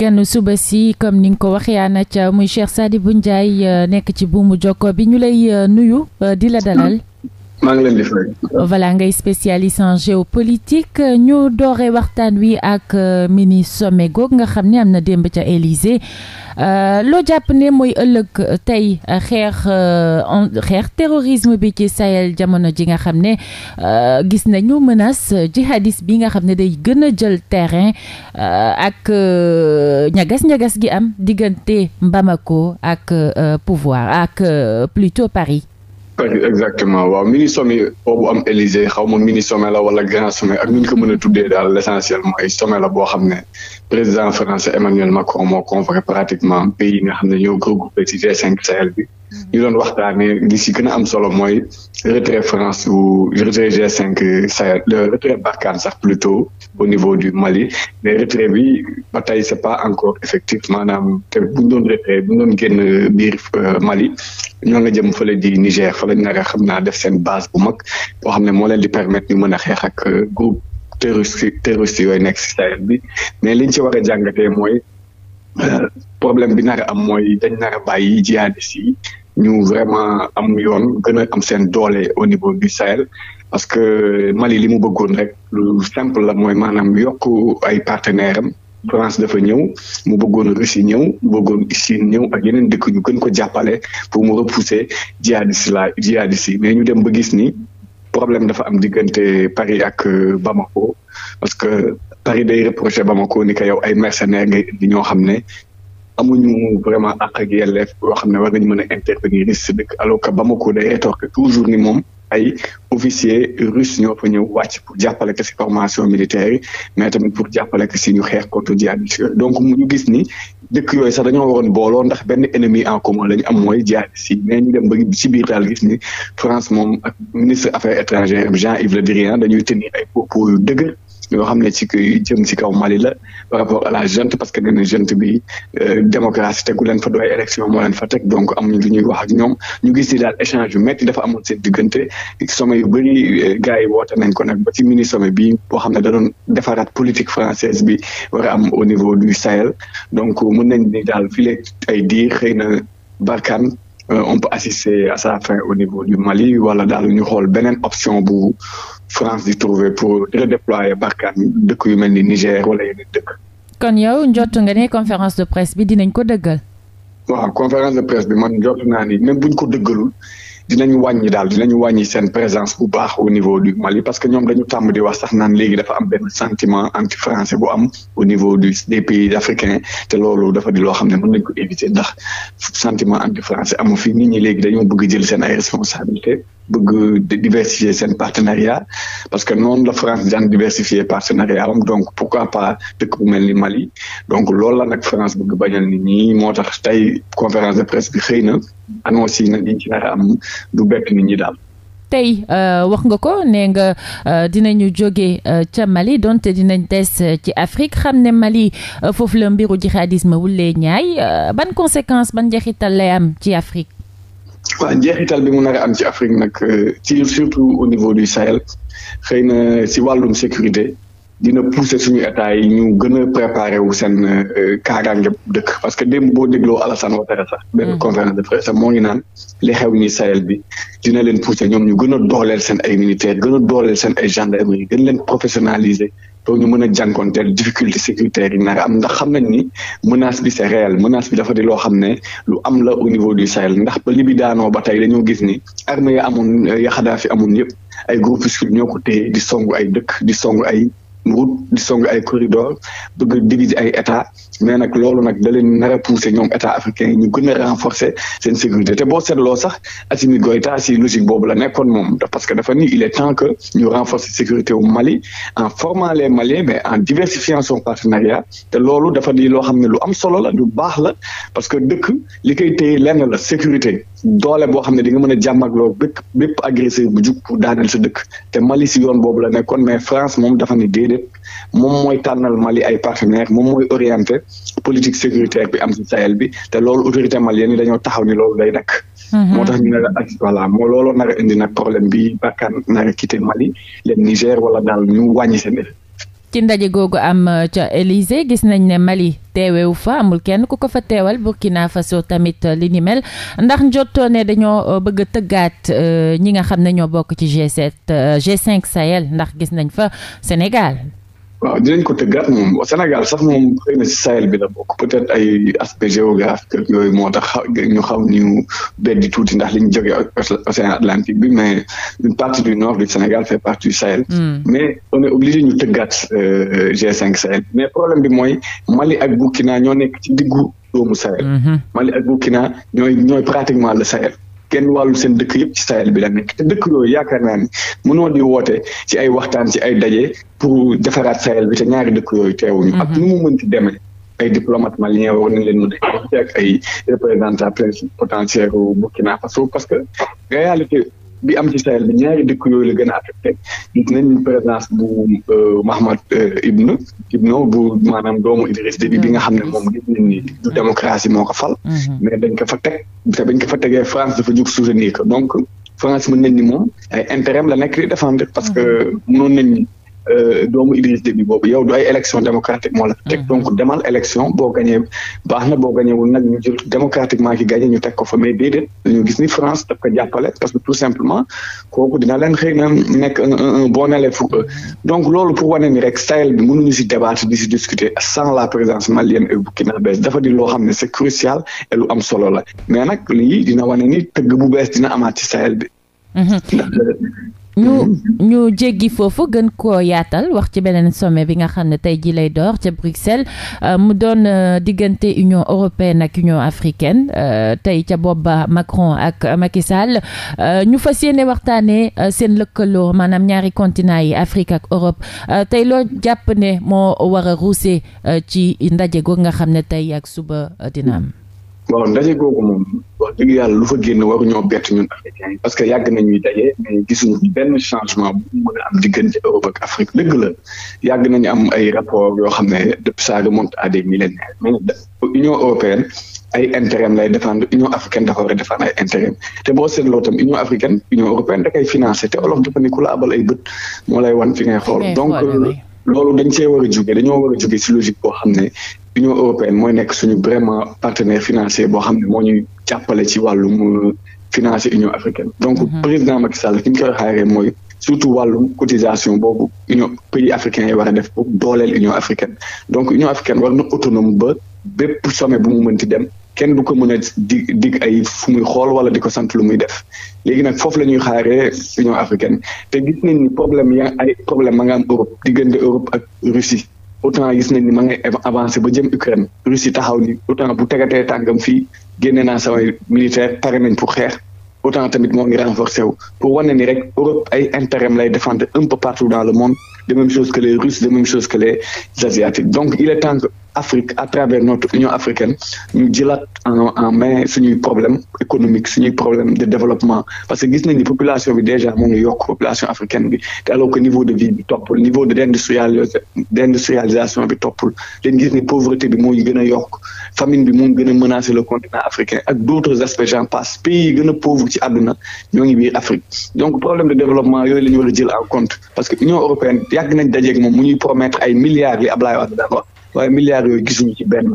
kenn suba si comme ni nga ko waxee ana ca muy Cheikh Sadibou Ndiaye euh, nekk ci buumu jokko bi ñu lay euh, nuyu euh, di la dalal. maa ngay spécialiste en géopolitique ñu dooree waxtaan wi ak euh, mini sommet goog nga xam ne am na démb ca Élysée euh, loo jàpp ne mooy ëllëg tey xeex euh, xeex terrorisme bi ci Sahel jamono ji nga xam ne gis nañu menace jihadiste bi nga xam ne day gën a jël terrain ak ñagas-ñagas gi am diggante mbamako ak pouvoir ak plutôt Paris. exactement waaw mini sommet boobu am Élysée xaw ma mini sommet la wala grand sommet ak nu ñu ko mën a tuddee daal l' essentiel mooy sommet la boo xam ne président français Emmanuel Macron moo convoqué pratiquement pays yi nga xam ne ñoo ko regroupé ci G5 Sahel bi Mhm. ñu doon waxtaanee li si gën a am solo mooy retrait France ou retrait G5 Sahel retrait Barkhane sax plutôt au niveau du Mali mais bi ba tey pas encore effectif maanaam te bu doon retrait bu ñu génn biir euh, Mali ñoo nga jëm fële di Niger fële nara xam naa def seen base bu mag boo xam ne moo leen di permettre ñu mën a xeex ak euh, groupe terroriste terroriste yooyu nekk si Sahel bi mais liñ ci war a jàngatee mooy. Euh, problème bi nar am mooy dañ nar a bàyyi jihadistes ñu vraiment am yoon gën a am seen doole au niveau du Sahel parce que Mali li mu bëggoon rek lu simple la mooy maanaam yokk ay partenaire am France dafa ñëw mu bëggoon Russie ñëw mu bëggoon Chine ñëw ak yeneen dëkk ñu gën ko jàppale pour mu repousser jihadistes la jihadistes yi mais ñu dem ba gis ni problème dafa am diggante Paris ak euh, Bamako parce que Paris de reproché Bamako ni ko yow ay mercenaires ngay indi ñoo xam ne amuñu vraiment àq ak yelleef xam ne war nañu mën a intervenir si dëkk alors que Bamako day rétorque toujours ni moom ay officier russe ñoo fa ñëw wàcc pour jàppale ko si formation militaire yi mais tamit pour jàppale ko si ñu xeex contre jihadiste donc mu ñu gis ni dëkk yooyu sax dañoo waroon booloo ndax benn ennemi en commun la ñu am mooy jihadiste mais ñu dem ba si biir daal gis ni France moom ak ministre affaires étrangères Jean-Yves Le Drian dañuy tenir ay propos yu dëgër yoo xam ne ci jëm si kaw Mali la par rapport à la junte parce que nee na junte bi euh, démocratie tegu leen fa doy élection moo leen fa teg donc amuñ lu ñuy wax ak ñoom ñu gis ni daal échange yu métti dafa amoon seen diggante sommet yu bëri euh, gars yi woote nañ ko nag ba ci mini sommet bi boo xam ne da defaraat politique française bi war am au niveau du Sahel donc mun nañ ni daal fii ay diir xëy na barkan euh, on peut assister à sa fin au niveau du Mali wala daal ñu xool beneen option bu France di trouver pour redéployer Barkhane dëkk yu mel ni Niger wala yeneen dëkk. kon yow njott nga ne conférence de presse bi dinañ ko dëggal. waaw conférence de presse bi man njott naa ni même buñ ko dëggalul dinañu wàññi daal dinañu wàññi seen présence bu baax au niveau du Mali parce que ñoom dañu tàmb di wax sax naan léegi dafa am benn sentiment anti français bu am au niveau du des pays africains te loolu dafa di loo xam ne mën nañ ko éviter ndax sentiment anti français amu fi nit ñi léegi dañoo bëgg jël seen ay responsabilités. bëgg di diversifier seen partenariat parce que noonu la France daan diversifier partenariat am donc pourquoi pas dëkk bu mel ni Mali donc loolu la nag France bëgg bañal nit ñi moo tax tey conférence de presse bi xëy na annonce yi nag yi ci dara am du bett nit ñi daal. tey euh, wax nga ko nee nga euh, dina ñu jóge euh, ca Mali donte dinañ des ci Afrique xam ne Mali foofu la mbiru jihadisme wulee ñaay ban conséquence ban njeexital am ci Afrique. waaw njeexital bi mu nar am ci Afrique nag euh, ci surtout au niveau du Sahel xëy na si wàllum sécurité dina pousser suñu état yi ñu gën a préparer wu seen euh, kaaraange dëkk parce que démb boo dégloo Alassane Ouattara sax benn mm. conférence de presse moo ngi naan le xew ni Sahel bi dina leen pousser ñoom ñu gën a dooleel seen ay militaire gën a dooleel seen ay gendarmerie gën leen professionnaliser pour ñu mën a jànkonteel difficulté sécuritaire yi nar am ndax xam nañ ni menace bi c'est réel menace bi dafa di loo xam ne lu am la au niveau du Sahel ndax ba Libye daanoo ba tey dañoo gis ni armée ya amoon ya Kadhafi amoon yëpp ay groupuscule ñoo ko te di songu ay dëkk di song ay route di songu ay corridor bëgg diviser ay état mais nag loolu nag da leen nar a poussé ñoom état africain ñu gën a renforcer seen sécurité te boo seetloo sax Assimi Goïta si logique boobu la nekkoon moom parce que dafa ni il est que ñu renforcer sécurité au Mali en formant les en diversifiant son partenariat te loolu dafa di loo xam ne lu am solo la lu baax la parce que dëkk li koy téye lenn la sécurité doole boo xam ne di nga mën a jàmm ak loolu bépp bépp agresseur bu pour daaneel sa dëkk te Mali si yoon boobu la nekkoon mais France moom dafa ni déedéet moom mooy tànnal Mali ay partenaires moom mooy orienté politique sécuritaire bi am ci Sahel bi te loolu autorité malienne yi dañoo taxaw ni loolu day dakk mhm. moo tax ñu nar a ak moo looloo nar indi nag problème bi bakkan nar a quitté Mali leen Niger wala daal ñu wàññi seen ci ndaje googu am euh, ca Élysée gis nañ ne Mali teewewu fa amul kenn ku ko fa teewal Burkina Faso tamit euh, li ni mel ndax njotoo dañoo euh, bëgg a tëggaat ñi nga xam ne ñoo bokk ci G7 g cinq Sahel ndax gis nañ fa Sénégal waaw dinañ ko tëggaat moom Sénégal sax moom xëy bi la bokk peut-être ay aspect géographique yooyu moo tax ñu xam ñu beddi tuuti ndax li ñu jógee océan Atlantique bi mais une partie du nord du Sénégal fait partie du Sahel. Hmm. mais on est obligé ñu tëggaat euh, g cinq Sahel mais problème bi mooy Mali ak Burkina ñoo nekk ci diggu doomu Sahel. Hmm. Mali ak Burkina ñooy ñooy pratiquement le Sahel. genn wàllu seen dëkk yëpp ci Sahel bi la nekk te dëkk yooyu yaakaar naa ni mënoo di woote ci ay waxtaan ci ay daje pour defaraat Sahel bi te ñaari dëkk yooyu teewuñu mm-hmm. ak nu mu mënti demee ay diplomate malien war nañ leen mën a ak ay représentant potentiel Burkina Faso parce que réalité bi am ci Sahel bi ñaari dëkk yooyu la gën a affecté gis nañ présence bu euh, Mahmoud euh, Ibn Ibno bu maanaam doomu Idriss Déby bi nga xam ne moom gis nañ moo ko fal mm-hmm. mais dañ ko fa teg te bañ ko fa tegee France dafa jóg soutenir donc France mën nañ ni moom ay la nekk di défendre parce que mm-hmm. mënoon nañ Euh, doomu Idriss bi boobu yow du ay élection démocratique moo la teg mm-hmm. donc demal élection boo gañee baax na boo gañeewul nag ñu jël démocratiquement ki gañe ñu teg ko fa mais déedéet ñu gis ni France daf ko jàppale parce que tout simplement kooku dina leen xëy na nekk un bon élève pour mm-hmm. donc loolu pour wane ni rek Sahel bi mënuñu si débattre di si discuter sans la présence malienne et burkinabèse dafa di loo xam ne c'est crucial et lu am solo la mais nag lii dina wane ni tëgg bu bees dina amaat ci Sahel bi mm-hmm. euh, ñu mm-hmm. ñu jéggi foofu gën ko yaatal wax ci beneen somme bi nga xam ne tey ji lay door ca Bruxelles euh, mu doon euh, diggante Union européenne ak Union africaine euh, tey ca ba Macron ak Macky Sall ñu fa yéene waxtaanee seen lëkkaloo maanaam ñaari continent yi Afrique ak Europe tey loo jàpp ne moo war a ruusee ci ndaje googu nga xam ne tey ak suba dina am waaw ndaje googu moom wax dëgg yàlla lu fa génn waru ñoo bett ñun africains yi parce que yàgg nañuy daje mais gisuñu benn changement bu mën a am diggante Europe ak Afrique dëgg la yàgg nañu am ay rapport yoo xam ne depuis ça remonte à des millénaires mais Union européenne ay intérêt lay défendre Union africaine dafa war a défendre ay intérêt te boo seetloo tam Union africaine Union européenne da ay financé te olof dafa ne ku ay bët moo lay wan fi ngay xool donc loolu dañ cee war a jóge dañoo war a jóge si boo xam ne union européenne mooy nekk suñu vraiment partenaire financier boo xam ne moo ñuy jàppale ci wàllum euh, financer union africaine donc mhm. président Macky Sall ki ñu koy xaaree mooy surtout wàllum cotisation boobu union pays africains yi war a def pour dooleel union africaine donc union africaine war na autonome ba bépp somme bu mu mënti dem kenn du ko mën a di dig ay fu muy xool wala di ko sant lu muy def léegi nag foofu la ñuy xaaree union africaine te gis nañ ni problème ya ay problème ma nga am Europe diggante Europe ak Russie autant gis nañ ni ma ngay avancé ba jëm Ukraine Russie taxaw ni autant bu te tànkam fii génne naa samay militaire pare nañ pour xeex autant tamit moo ngi renforcé wu pour wane ni rek Europe ay intérêt lay défendre un peu partout dans le monde de même chose que les Russes de même chose que les Asiatiques donc il est temps Afrique à travers notre Union africaine ñu jëlaat en en main suñuy problème économique suñuy problème de développement parce que gis nañ ni population bi déjà moo ngi yokk population africaine bi te alors que niveau de vie bi toppul gis ni pauvreté bi moo ñu gën a yokk famine bi moo gën a menacer le continent africain ak d'autres aspects j'en ñoo ngi biir Afrique donc problème de développement yooyu la ñu war que Union européenne yàgg nañ dajeeg moom mu ñuy promettre ay milliards li Ablaye Wade waaye milliards yooyu gisuñu ci benn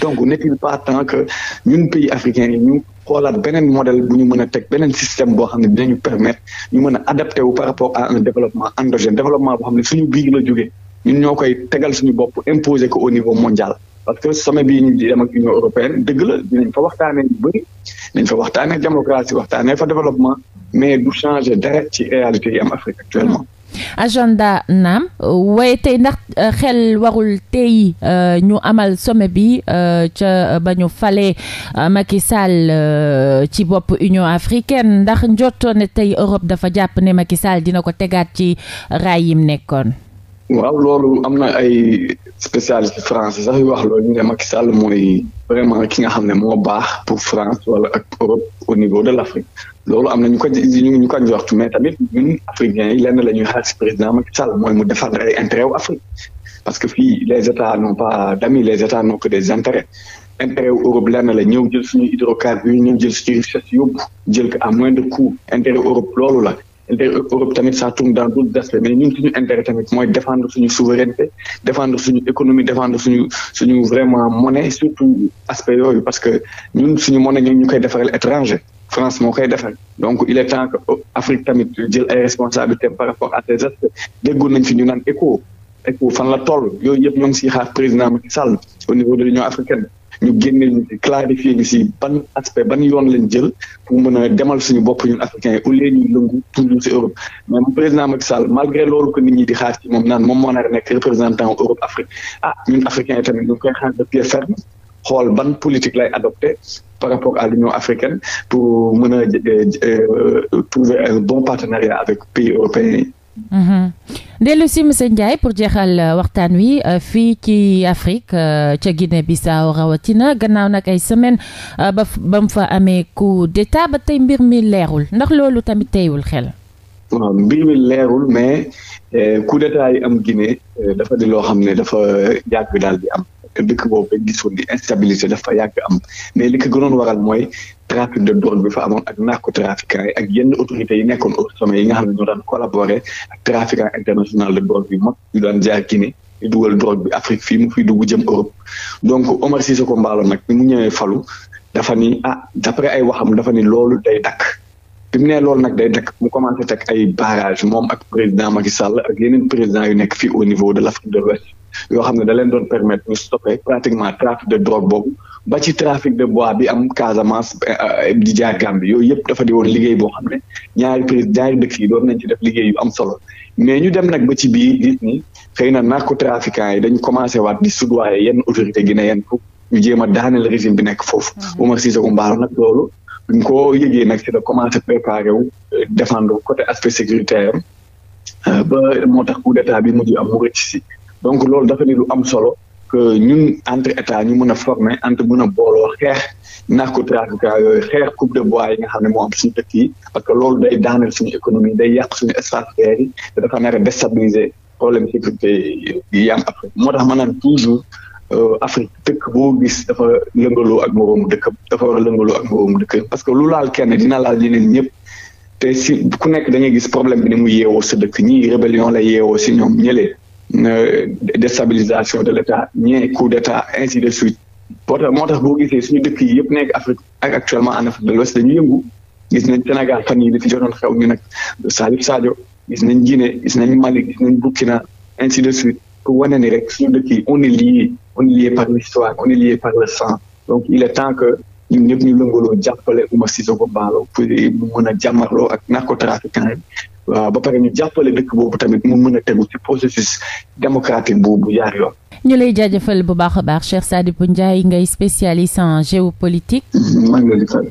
donc n'est-il pas temps que ñun pays africains yi ñu xoolaat beneen modèle bu ñu mën a teg beneen système boo xam ne dañu permettre ñu mën a adapté wu par rapport à un développement endogène développement boo xam ne suñu biir la jógee ñun ñoo koy tegal suñu bopp imposer ko au niveau mondial parce que sommet bi ñu di dem ak union européenne dëgg la dinañ fa waxtaanee lu bëri dinañ fa waxtaanee démocratie waxtaanee fa développement mais du changer dara ci réalité am Afrique actuellement. agenda naam waaye tey ndax euh, xel warul tey euh, ñu amal sommet bi euh, ca ba ñu fale Macky Sall ci bopp Union africaine ndax njottoon tey Europe dafa jàpp ne Macky Sall dina ko tegaat ci raay yim nekkoon waaw loolu am na ay spécialiste français sax yi wax loolu ñu ne mak Sall mooy vraiment ki nga xam ne moo baax pour France wala ak Europe au niveau de l' Afrique loolu am na ñu ko ñu ñu ko mais tamit ñun africains yi lenn la ñuy xaar président Macky Sall mooy mu defal ay intérêt wu Afrique parce que fii les états n'ont pas d'amis les états n'ont que des intérêts intérêt wu lenn la ñëw jël suñu hydrocarbures ñëw jël suñu richesse yóbbu jël ko à moindre coût intérêt Europe loolu la intérêt Europe tamit ça tourne dans d'autres aspects mais ñun suñu intérêt tamit mooy défendre suñu souveraineté défendre suñu économie défendre suñu suñu vraiment monnaie surtout aspect yooyu parce que ñun suñu monnaie ñu koy defaral étranger France moo koy defar donc il est temps Afrique tamit jël ay responsabilités par rapport à ces aspects déggoon nañ fi ñu naan ECO ECO fan la toll yooyu yëpp ñoo ngi siy xaar président Macky Sall au niveau de l'Union africaine ñu génne ñu ci clarifier ñu ci ban aspect ban yoon leen jël pour mën a demal suñu bopp ñun africains yi au lieu ñu lëngu toujours ci Europe mais président Macky Sall malgré loolu que nit ñi di xaar ci moom naan moom moo nar a nekk représentant Europe Afrique ah ñun africains tamit ñu koy xaar de ferme xool ban politique lay adopté par rapport à l'Union africaine pour mën a euh, euh, trouver un bon partenariat avec pays européens Mhm. dellu si monsieur Ndiaye pour jeexal euh, waxtaan wi euh, fii ci Afrique euh, ca Guinée Bissau rawatina gannaaw nag ay semaine ba ba mu fa amee coup d'état ba tey mbir mi leerul ndax loolu tamit teyul xel. waaw mbir mi leerul mais coup d'état yi am Guinée dafa di loo xam ne dafa yàgg daal di am. que dëkk boobu dañ gisoon ni instabilité dafa yàgg am mais li ko gënoon waral mooy trafic de drogue bi fa amoon ak narcotrafiquants yi ak yenn autorité yi nekkoon au sommet yi nga xam ne ñoo daan collaborer ak trafiquant international de drogue bi mag yu daan jaar Guinée di dugal drogue bi Afrique fi mu fiy dugg jëm Europe donc Omar Sissoko Mbaalo nag mu ñëwee falu dafa ni ah d'après ay waxam dafa ni lool day dakk bi mu nee loolu nag day dakk mu commencé teg ay barrage moom ak président Macky Sall ak yeneen yu nekk fii au niveau de l'Afrique yoo xam ne da leen doon permettre ñu stopper pratiquement trafic de drogue boobu ba ci trafic de bois bi am Casamance euh, euh, di jaar bi yooyu yëpp dafa di woon liggéey boo xam ne ñaari prise ñaari dëkk yi doon nañ ci def liggéey am solo mais ñu dem nag ba ci biir gis na xëy na narcotrafiquants yi dañ commencé waat di soudoyer yenn autorité guinéenne pour ñu jéem a daaneel régime bi nekk foofu. Mm-hmm. Oumar Cissokho Embaló nag loolu. buñ ko yëgee nag ci la commencé préparé wu euh, défendre côté aspect sécuritaire ba moo tax ku d'état bi mujj am mu si donc loolu dafa ni lu am solo que ñun entre état ñu mën a former entre mën a booloo xeex narcotrafiquants yooyu xeex coupe de bois yi nga xam ne moo am suñu dëkk parce que loolu day daaneel suñu économie day yàq suñu espace vert yi te dafa nar a déstabiliser problème sécurité yi am Afrique moo tax ma naan toujours euh, Afrique dëkk boo gis dafa lëngaloo ak moroomu dëkk dafa war a lëngaloo ak moroomu dëkkam parce que lu laal kenn dina laal ñeneen ñëpp te si ku nekk da gis problème bi ni mu yeewoo sa dëkk ñi rébellion la yeewoo si ñoom ñëlee Euh, déstabilisation de l' état ñee coup d' état ainsi de suite boo moo tax boo gisee suñu dëkk yi yëpp nekk Afrique actuellement en Afrique de l'Ouest dañuy yëngu gis nañ Sénégal fan yi li fi jotoon xew ñu nag Salif Sadio gis nañ Guinée gis nañ Mali gis nañ Burkina ainsi de suite pour wane ni rek suñu dëkk yi on est lié on est lié par l'histoire on est lié par le sang donc il est temps que ñun ñëpp ñu lëngaloo jàppale Oumar Sissoko Embaló pour mu mën a jàmmarloo ak narcotrafiquant yi waaw ba pare ñu jàppale dëkk boobu tamit mu mën a tegu ci processus démocratique boobu jaar ñu lay jaajëfal bu baax a baax Cheikh Sadibou Ndiaye ngay spécialiste en géopolitique. maa ngi lay